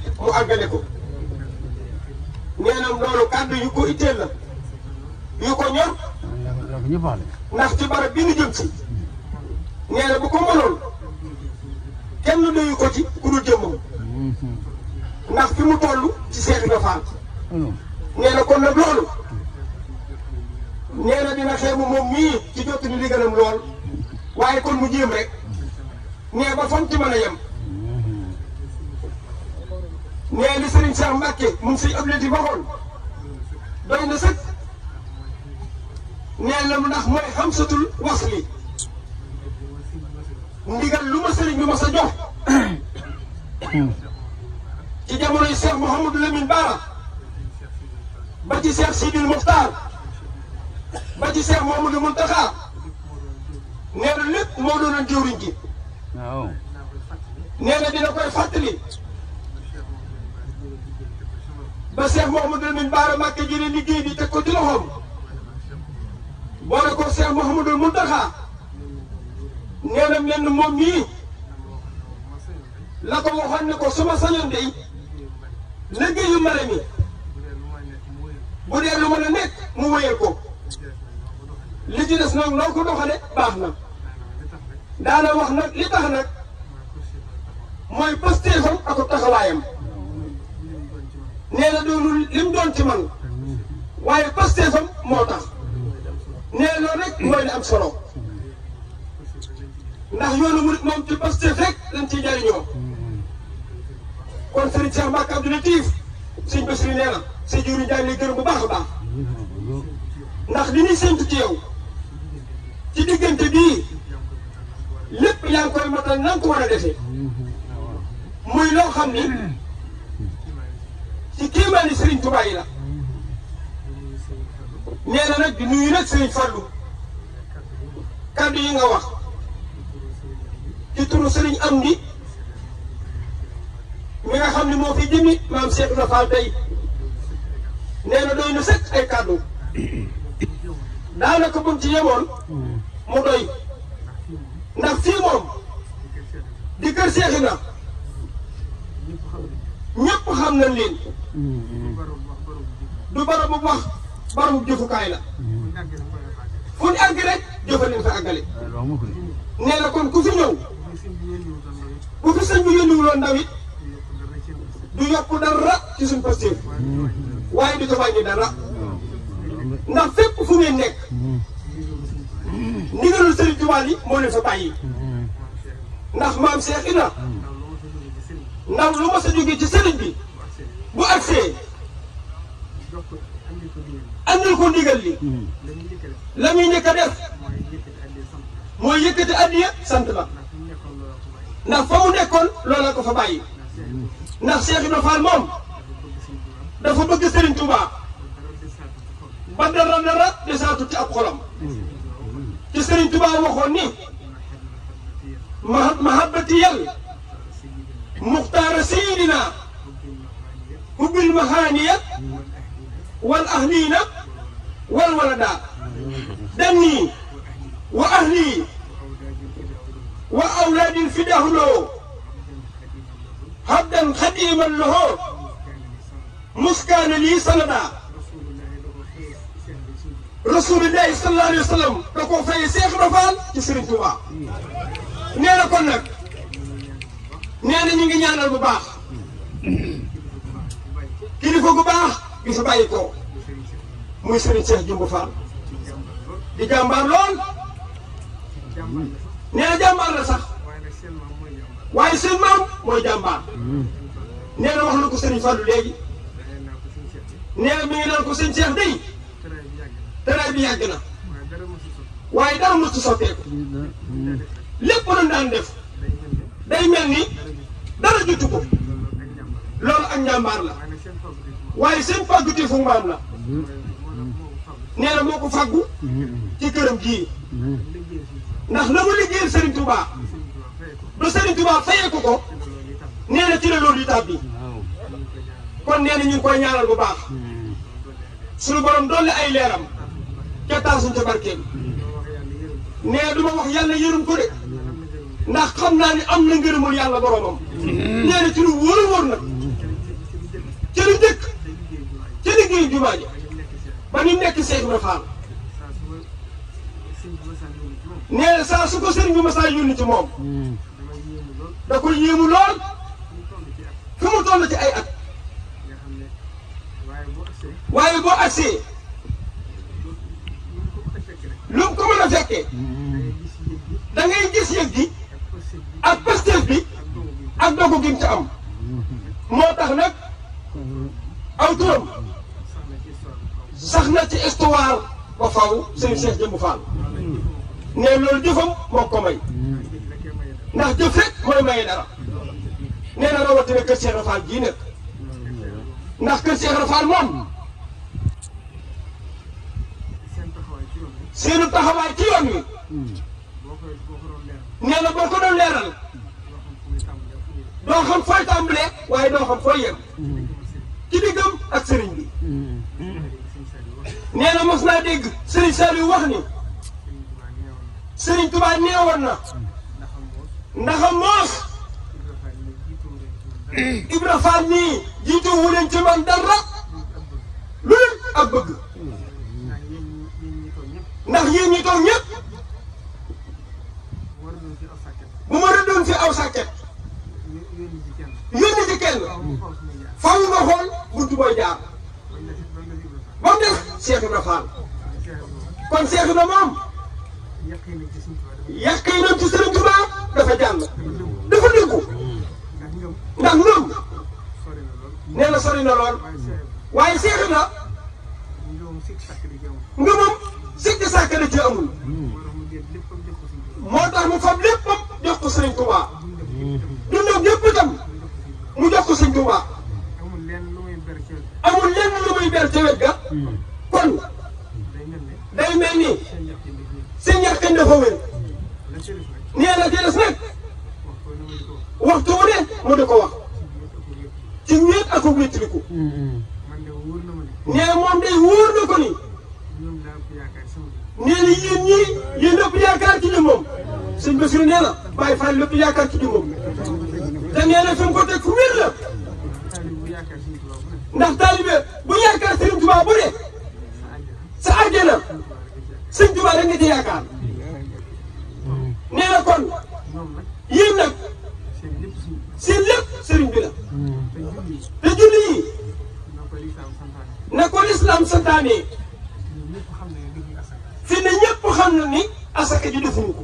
mu àggale ko nee na loolu kàddu yu ko itteel la yu ko ñor ndax ci barab bi ñu jëm si nee na ko mënoon kenn doyu ko ci ku dul jëmmam ndax fi mu toll ci Seex Ibra Faal nee kon nag loolu nee na dina xeebu moom mii ci jot ni liggéeyam lool waaye kon mu jéem rek nee ba fan ci mën a yem mais li Serigne Cheikh Mbacke mu ngi siy ëpp na sëkk nee na mu ndax mooy xam satul ndigal lu ma Serigne bi ma sa jox ci jamonoy Cheikh Mouhamadou Lamine Bara ba ci Cheikh Sidil Mokhtar ba ci Cheikh Mouhamadou Mountakha nee na lépp moo doonoon jëwriñ ji. waaw nee dina koy fàttali. ba Cheikh Mouhamadou Lamine Bara Mbacké jëlee liggéey bi te ko ci loxoom boole ko Cheikh Mouhamadou Mountakha nee na mel ni moom mii la ko waxoon ne ko suma sañoon day liggéeyu mare mi bu dee lu mën nekk mu wéyal ko li ci des nag noo ko doxale baax na daana wax nag li tax nag mooy posté fam ak taxawaayam nee na doonul li doon ci man waaye pasteefam moo tax nee loolu rek mooy li am solo ndax yoonu murit moom ci pasteef rek lañ ciy jariñoo kon sëriñ Cheikh Mbacke Abdou Latif sëñ Bassirou nee na sëñ Diourou Ndiaye lay gërëm bu baax a baax ndax li ñuy séntu ci yow ci diggante bii lépp yaa ngi koy matal na ko war a defee loo xam ni. ci kéemaani sëriñ Tuubaa yi la nee nag di nuyu nag sëriñ Fallu kàddu yi nga wax ci turu sëriñ Amdi mi nga xam ne moo fi jëmi maam Cheikh Ibra Fall tey nee na doy na sëkk ay kàddu daanaka buñ ci yemoon mu doy ndax fii moom di kër Cheikh Ibra ñëpp xam nañ leen mm-hmm. du barabu wax barabu jëfukaay la fu ñu àgg rek jëfa leen fa àggale nee na kon ku fi ñëw bu fi sëñ bi yónniwuloon ndaw du yokk dara ci suñ posture waaye du ko wàññi dara ndax fépp fu ngeen nekk ndigalul sëriñ Tuubaa yi moo leen fa bàyyi ndax maam Cheikh Ibra ndax lu ma sa jógee ci sëriñ bi bu agsee andil ko ndigal li la muy njëkk a def mooy yëkkati addiya sant la ndax fa mu nekkoon loola ko fa bàyyi ndax Cheikh Ibra Fall moom dafa bëgg sëriñ Touba ba dara dara desaatu ci ab xolam te sëriñ Touba waxoon ni mahabbati مختار سيدنا حب المهانية والأهلين والولداء دني وأهلي وأولاد الفداه له عبدا خديما له مسكان لي سندا رسول الله صلى الله عليه وسلم دكو فاي شيخ رفال ci serigne touba كنك nee na ñu ngi ñaanal bu baax kilifa gu baax gi fi bàyyi ko muy Serigne Cheikh Jumbu Fall di jàmbaar lool nee na jàmbaar la sax waaye seen maam mooy jàmbaar nee na wax na ko Serigne Fallou léegi nee na mi ngi naan ko sëñ Cheikh day teraay bi yàgg na waaye dara mos ci soppeeku lépp nañ daan def day mel ni. dara jotu ko loolu ak njàmbaar la waaye seen fàggutifu maam la nee na moo ko fàggu ci këram gii ndax la mu liggéeyal Serigne Touba ba Serigne Touba fayeeku ko nee na ci la loolu yi tàbbi kon nee na ñu ngi koy ñaanal bu baax suñu borom dolli ay leeram ca taasuñ ca barkeem nee du ma wax yàlla yërëm ko de. ndax xam naa ni am na ngërëmul yàlla boromam. Hmm. nee na ci lu wóor a wóor nag ca lu dëkk ca liggéeyu jumaa ji ba ni nekk Seex Ibra Faal nee saa su ko sëriñ bi masaa yónni ci moom hmm. da koy yéemu lool fi mu toll ci ay at waaye boo agsee lu ko mën a fekkee hmm. da ngay yëg gi ak pastéef bi ak dogu gi mu ca am moo tax nag aw turam sax na ci histoire ba faw sëñ Cheikh Jëmb Fall ne loolu jëfam moo ko may ndax jëf rek mooy maye dara nee na rawatina kër Cheikh Fall jii nekk ndax kër Cheikh Fall moom seenu taxawaay ci yoon wi nee na boo ko doon xam fooy tàmbalee waaye doo xam fooy yem ci diggam ak sëriñ bi nee mos naa dégg sëriñ Saliou wax ni sëriñ Tuubaa neewoon na ndaxa moos Ibra Fall nii jiitu wu leen ci man dara lu leen ak bëgg ndax yéen ñi toog ñëpp bu ma rëddoon fi aw sàkket a ci kenn faw nga xool buntu booy jaar ba mu def Seex Faal kon Seex Ibra moom yàqinam ci Sëriñ Tuubaa dafa jàll dafa dëggu ndax ngëm nee na sori na lool waaye Seex Ibra ngëmam sikki sàkk da ci amul moo tax mu fab léppam jox ko sëriñ Touba dundam yëpp itam mu jox ko sëriñ Touba amul lenn lu muy ber ca wet ga kon day mel ni sëñ ñax kañ dafa wér nee na jëles nag waxtu wu ne mu di ko wax ci a ak wéetiliku nee na moom day wóor na ko ni nee na yéen ñii yéen ëpp yaakaar ci ñoom moom sëñ Basiru nee na bàyyi Fall lépp yaakaar ci jëmmam te fi mu ko teg fu wér bu yaakaar Sëriñ Tuubaa bu ne sa àjjana sëñ Tuubaa rek nga ci yaakaar nee na kon yéen nag seen lépp bi la te julli na ko lislaam santaane fi ne xam na ni asaka ji defuñu ko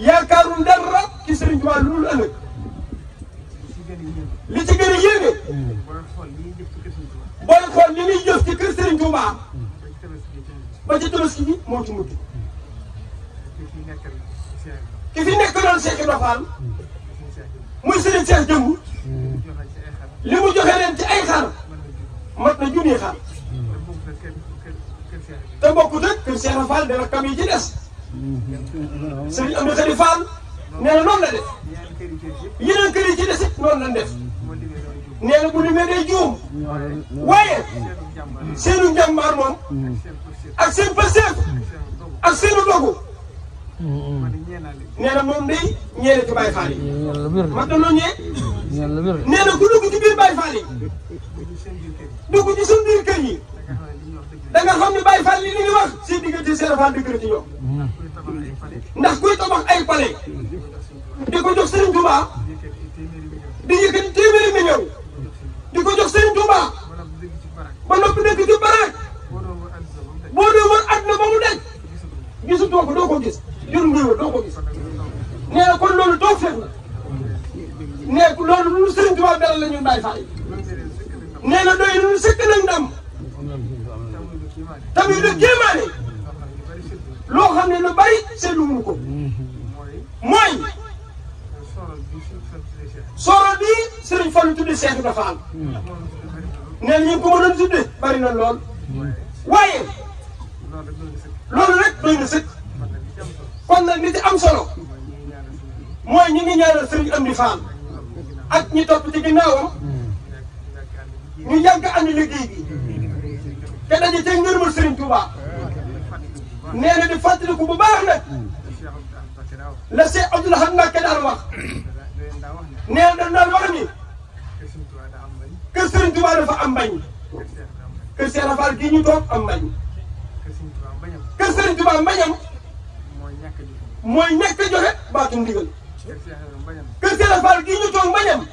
yaakaaruñ dara ci Sëriñ Tuubaa lu dul ëllëg li ci gën a yéeme booy xool li ñuy ci kër Sëriñ Tuubaa ba ci tabaski bi moo ci mujj ki fi nekk doon Cheikh Ibrahima muy Sëriñ Cheikh Jëmb li mu joxe leen ci ay xar mat na junni xar te bokkut kër Cheikh Fall dana kam yi ci des Mm-hmm. sëriñ Amdi Xari Fall nee na noonu la def yeneen kër yi ci des it noonu def nee na bu limee day juum waaye seenu njàmbaar moom ak seen pëseef ak seenu dogu nee na moom day ñeene ci Baay Faal yi mag ku dugg ci biir Baay Faal yi dugg ci suñu da nga xam ne Baye Fall li ñu wax seen diggante Serigne Fall dëgg la ci ñoom ndax kuy tabax ay palais di ko jox Serigne Touba di yëkkati téeméeri ko jox Serigne Touba ba noppi nekk ci barak boo dee woon àdduna ba mu daj gisutoo ko doo ko gis jur ngay wër doo ko gis nee na kon loolu toog feex na nee loolu lu Serigne Touba beral la ñun Baye Fall nee na doy na lu sëkk nag ndam. tamit lu jéemaane lo xam lu bari lu mu ko moy soro bi Serigne fallu tudde Cheikh dafa am nee ñu ko mënoon tudde bari na lool waye lool rek doy na sëkk kon nag nit am solo moy ñi ngi ñaanal Serigne Amdi Fall ak ñi top ci ginnaawam ñu yagg ànd liggéey bi te daje ca ngërëmal Serigne Touba nee na di fàttaliku bu baax nag la Cheikh Abdoul Ahad Mbacké daan wax nee na dañ daan wax ni kër Serigne Touba dafa am bañ kër Cheikh Rafal gii ñu toog am bañ kër Serigne Touba mbañam mooy ñàkk a joxe baatum ndigal kër Cheikh Rafal gii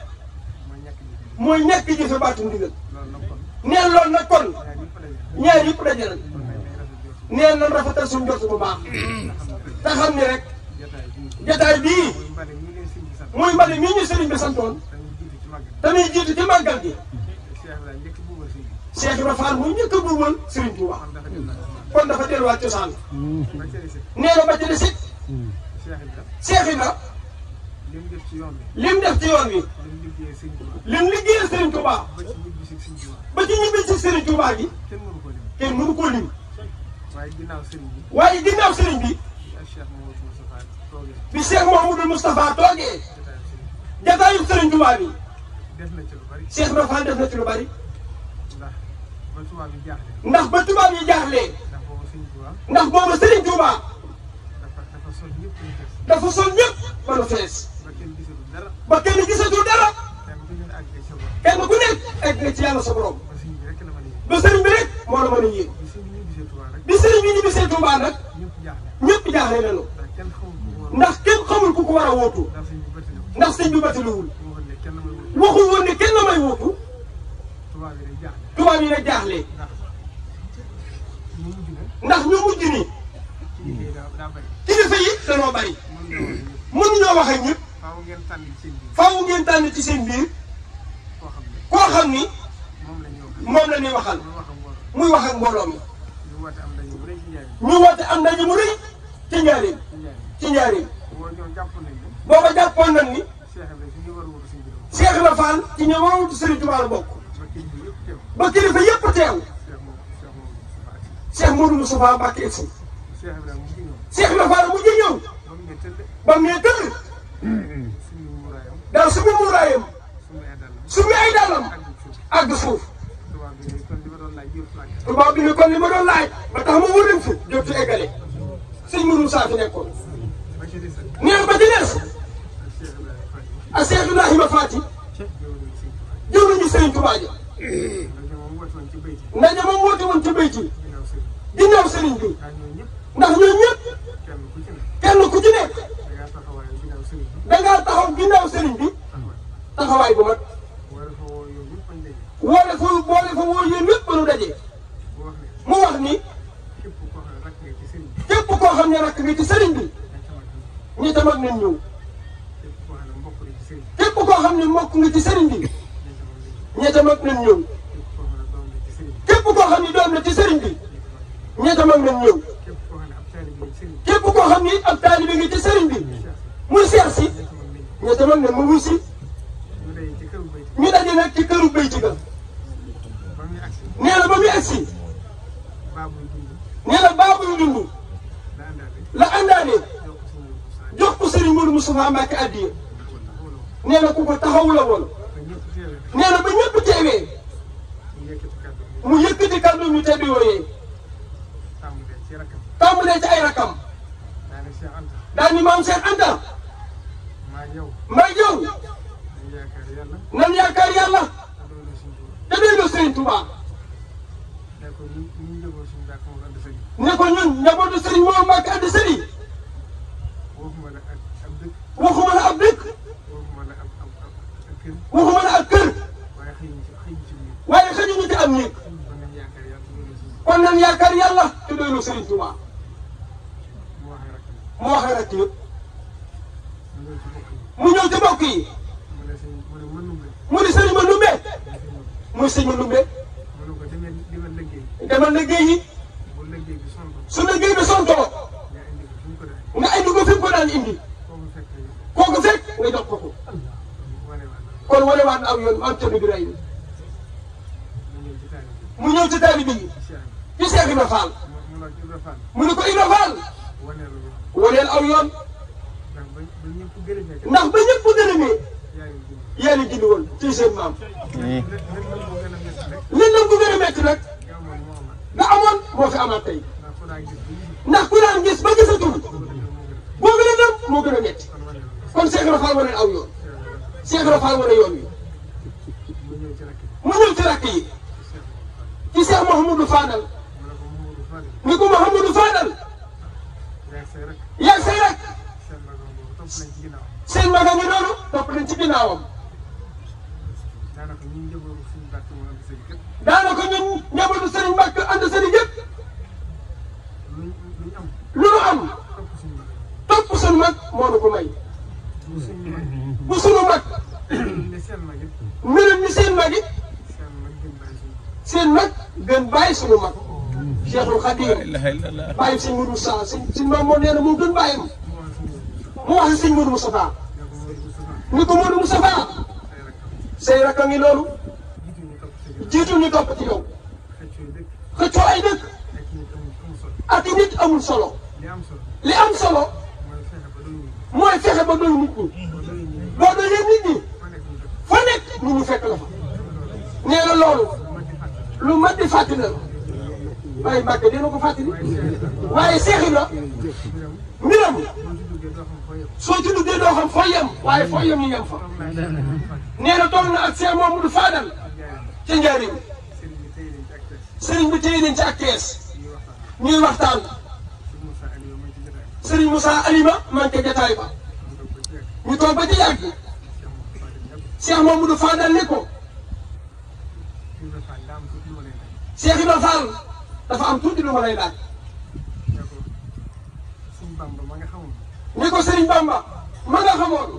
mooy ñàkk a jëfe baatum ndigal nee loolu nag kon. ñaar yëpp daje nañ nee nañ rafetal suñu jot bu baax te xam ni rek jataay bii muy mbali mii ñu sëriñ bi santoon dañuy jiitu ci màggal gi Cheikh Ibrahima Fall mu njëkk a buubal sëriñ bu wax kon dafa delluwaat cosaan nee na ba ca des it Cheikh Ibrahima. lim def ci yoon wi. lim def ci yoon wi. lim liggéeyal Serigne Touba. ba ci ñibbi ci Serigne Touba gi. kenn mënu ko lim. waaye ginnaaw Serigne bi. waaye ginnaaw Serigne bi. bi Cheikh Mouhamadou Moustapha toogee. jataayu Serigne Touba bi. Cheikh Ibra Fall def na ci lu bari. ndax ba tubaab yi jaaxlee. ndax booba Serigne Touba. dafa sol ñëpp ba nu fees. ba kenn gisatul dara kenn ku nekk egg nga ci yàlla sa borom a yéeg bi sëriñ bi ñu bisee é nag ñëpp jaaxle a wóotu ndax sëñ bi batiluwul waxul woon ne kenn may wóotu tubaab yi rek jaaxle ndax ñu mujj ni kilifa yi danoo bari mënuñoo faaw ngeen tànn ci seen biir. faaw ngeen tànn ci seen biir. koo xam ni. moom la ñuy waxal. muy wax ak mbooloo mi. ñu woote am ndaje mu rëy ci njaareem. ci njaareem. booba jàppoon nañ ni. Seex Ibra Faal ci ñoom war a wutu Sëriñ Tuubaa la bokk. ba kilifa yépp teew. Seex Moodu Mustafaa Mbàkke egsi. Seex Ibra Faal mu ngi ñëw. ba mu ne tëll. daal su ma muuraayam su ma ay dàllam àgg suuf tubaab bi ni kon li ma a laaj ba tax ma wóor leen fi jot ci eggale sëñ mënum saa fi nekkoon neen ba ci des a Cheikh Ibrahima Fati jëw nañu sëñ Tuubaa ja ndaje moom woote woon ci béyti ginnaaw sëriñ bi ndax ñooñu ñëpp kenn ku ci dangaa taxaw ginnaaw sëriñ bi taxawaay bu mat wala fa boole fa woo yéen ñëpp ba nu dajee mu wax ni képp koo xam ne rakk nga ci sëriñ bi ñi tam ak nañ ñëw képp koo xam ne mbokk ci sëriñ bi ñi tam ak nañ ñëw képp koo doom la ci sëriñ bi ñi tam ak nañ ñëw képp koo xam ne ab taalibe nga ci sëriñ bi muy seet si nga demal ne mu wuy si daje nag ci këru béy jigéen nee na ba muy agsi nee na baabuy dund la àndaane jox ko Serigne Modou Moustapha Mbacké addiya nee na ku ko taxawu la woon nee na ba ñëpp teewee mu yëkkati kàddu ñu tedd yooyee tàmbalee ci ay rakam daani maam seen Anta maa yow nan yaakaar yàlla te doy na Serigne Touba ne ko nan yaakaar yàlla te doy na Serigne Touba mu wax rek yëpp. mu ñëw ci mbokk yi mu ni ma lumbe muy sëriñ ma lumbe demal liggéey yi su liggéey bi sontoo nga indi ko fi mu ko daan fekk kon wanewaat na aw yoon maam Thierno Birahim mu ñëw ci taalibe yi ci Cheikh Ibra Fall mu ne ko Ibra Fall waneel aw yoon ndax ba ñëpp gërëmee yaa ngi gindi woon ci seen maam lëndëm bu gën a métti nag nga amoon moo fi amaat tey ndax ku daan gis ba gisatul boo gën a dem moo gën a métti kon Cheikh Ibra Fall wane aw yoon Cheikh Ibra Fall wane yoon wi mu ñëw ci rakk yi ci Cheikh Mouhamadou Fadal ni ko Mouhamadou Fadal yaag say rakk topp nañ ci ginnaawam. seen mag a ngi noonu topp nañ ci ginnaawam. daanaka ñun njabootu suñu bàq moo ànd sëriñ yëpp. daanaka ñun njabootu sëriñ bàq ñu am. lu ñu am. topp suñu mag. topp suñu mag moo nu ko may. bu suñu mag. bu suñu mag. seen mag it. mbirum seen mag seen mag gën bàyyi suñu mag. Cheikhul Khadim. bàyyi suñu moo nee gën bàyyi mu wax si sëñ Modou Moustapha ni ko Modou Moustapha say rakk a ngi loolu jiitu ñu topp ci yow xëccoo ay dëkk ak nit amul solo li am solo mooy fexe ba doy nit ñi boo doyee nit ñi fa nekk ñu ñu fekk la fa nee loolu lu mat di fàttali la waaye Mbàkke dina ko fàttali waaye seexi la mbiram soo ci duggee doo xam fooy yem waaye fooy yem ñu yem fa nee na toog na ak seen moom du faadal ca njëriñ sëriñ bi téye nañ ci ak kees ñuy waxtaan sëriñ Moussa Alima man ca jataay ba ñu toog ba ci yàgg Cheikh Mamadou Fadal ne ko Cheikh Ibrahima Fall dafa am tuuti lu ma lay laaj ni ko Serigne Bamba ma xamoon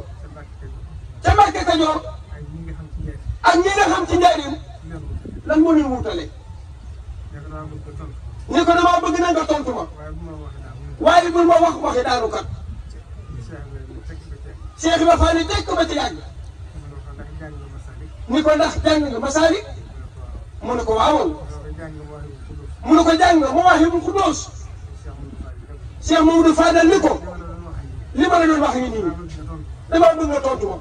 ca Mbàkke Kajoor ak ñi nga xam ci njaarim lan moo leen wutale ni ko damaa bëgg na nga tontu ma waaye bul ma wax waxi daanu kat Cheikh Ibrahima Fall tekk ba ci yàgg ni ko ndax jàng nga masaalik mu ne ko waawoon mu ne ko jàng nga ma waxee mu xuddoos Cheikh Mamadou Fadal ko li ma la doon wax ngi nii damaa bëgg nga tontu ma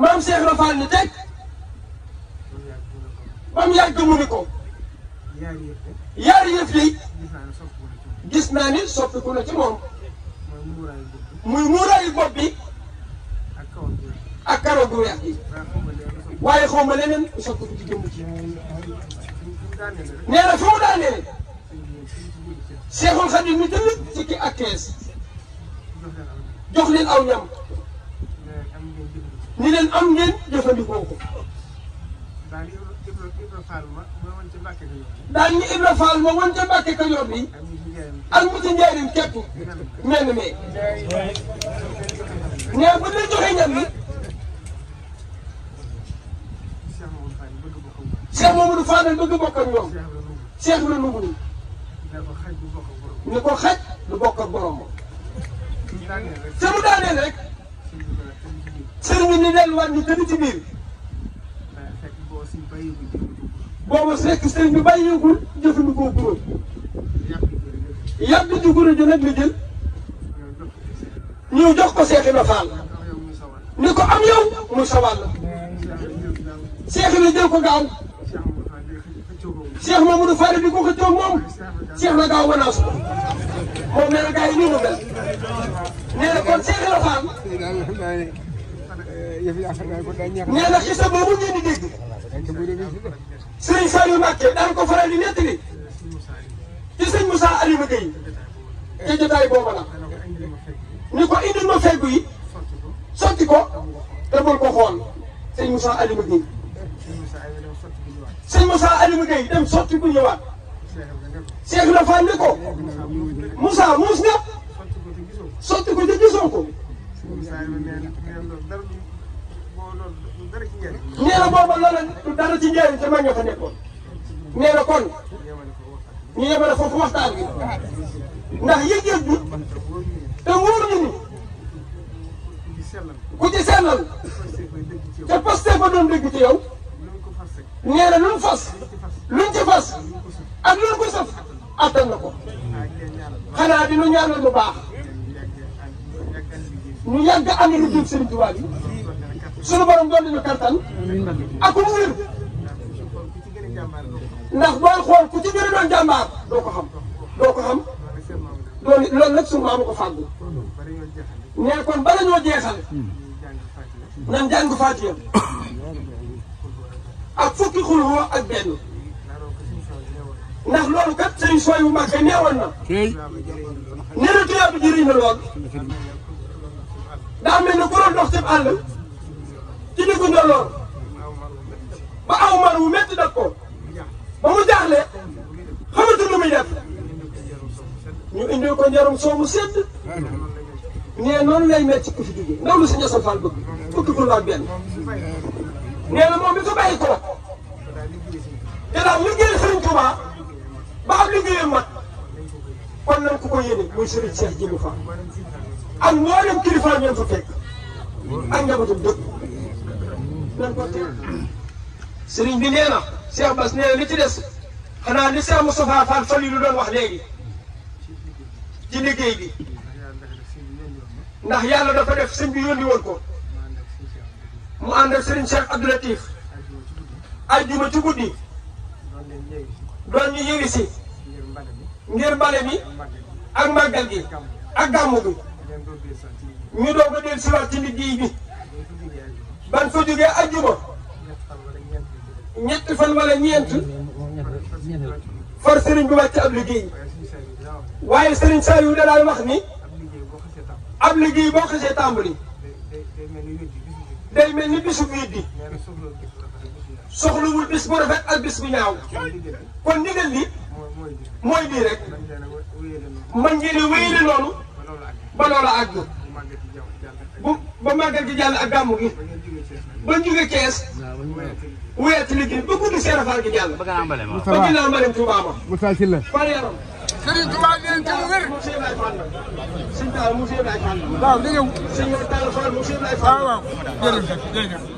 maam Cheikh Ibra Fall ni teg ba mu yàgg mu ni ko yaari yëf yi gis naa ni soppiku na ci moom muy muuraayu bopp bi ak karo gu weex gi waaye xaw ma leneen soppiku ci jëmm ci nee na fu mu daanee Cheikhul Khadim mi tëdd fukki ak kees jox leen aw ñam ni leen am ngeen jëfandikoo ko. daal ni Ibra Fall ma wan ca Mbàkke Kajoor bi. daal ni Ibra Fall ma wan ca Mbàkke Kajoor bi ak monsieur Ndiaye képp mel na mais. mais bu dee joxe ñam bi. Cheikh Mamadou bëgg bokk ak ñoom. Cheikh la nangu ni. ne ko xaj du bokk ak borom. te mu daaneel rek sëriñ bi ni delluwaat ñu tëdd ci biir boobu fekk sëriñ bi bàyyeegul jëfandikoo góor yàgg ju góor a jël nag la jël ñëw jox ko Seex Ibra Faal ni ko am yow muy sa wàll Seex jël ko gaaw Seex Mamadou Faari di ko xëccoo moom Seex na gaaw wanaasu ko moom nee na gars yi nii mu mel nee na kon Cheikh Ibra Fall nee na xisa boobu ngeen di dégg Serigne Saliou Mbacké daan ko faral di nettali ci sëñ Moussa Aliouma Gueye ca jotaay boobu la ni ko indil ma feggu yi sotti ko te bul ko xool sëñ Moussa Aliouma Gueye sëñ Moussa Aliouma Gueye dem sotti ku ñëwaat. Cheikh Ibra Fall ne ko Moussa muus nga sotti ko te gisoo ko nee na booba loola dara ci njëriñ te ma ñoo fa nekkoon nee na kon ñu yemale foofu waxtaan bi ndax yëg-yëg bi te wóor na ni ku ci sellal te poste fa doon dégg ci yow nee na lu fas luñ ci fas ak loolu ko saf attan na ko xanaa di nu ñaanal lu baax ñu yàgg ànd lu dul Sëriñ Tuubaa bi sunu borom doon nañu kartan ak mu wér ndax booy xool ku ci gën a doon jàmbaar doo ko xam doo ko xam loolu loolu nag sunu maamu ko fàggu ne kon bala ñoo jeexal nan jàng Faatiha ak fukki xul huwa ak benn ndax loolu kat sëriñ sooy bu Mbàkke neewoon na nee na tuyaaba ji rëy na lool daa mel ne ku doon dox ci àll ci diggu ndoloor ba aw mar wu métti dab ba mu jaaxle xamatu lu muy def ñu indil ko njarum soo mu sedd a noonu lay métti ku fi jóge ndaw lu si ñasal faal bëgg fukki ful ak benn nee na moom bi ko bàyyi ko te daal liggéey sëriñ Tuubaa ba ab liggéeyam mat kon nañ ko ko yéene muy Serigne Cheikh Jilou Fall ak mboolem kilifa ñoom fa fekk ak njabootam dëkk nañ ko teel. Serigne bi nee na Cheikh Bass li ci des xanaa li Cheikh Moustapha Fall lu doon wax léegi ci liggéey bi ndax yàlla dafa def sëñ bi yónni woon ko mu ànd ak Serigne Cheikh Abdou Latif ajjuma doon ñu yëngu si ngir bale bi ak màggal gi ak gàmmu gi ñu doog a dellu si waat ci liggéey bi ban fa jógee ajjuma ñetti fan wala ñeent far sëriñ bi wàcc ab liggéey waaye sëriñ Saliou da daan wax ni ab liggéey boo xasee tàmbali day mel ni bisu wiit bi soxlawul bis bu rafet ak bis bu ñaaw kon ndigal li mooy lii rek man ngeen a wéyale noonu ba loola àgg bu ba màggal gi jàll ak gàmmu gi ba jóge Thiès wéyati liggéey ba guddi Seera Faal gi jàll. ba ginnaaw mbalim Touba ma. Moussa Sylla fan yaram. Sëriñ Touba ngeen ci lu wér. Monsieur Ibrahima Fall la. Sëñ Tall monsieur Ibrahima Fall la. waaw dégg nga. Sëñ Tall Fall monsieur Ibrahima Fall la. Ah, waaw waaw jërëjëf jërëjëf.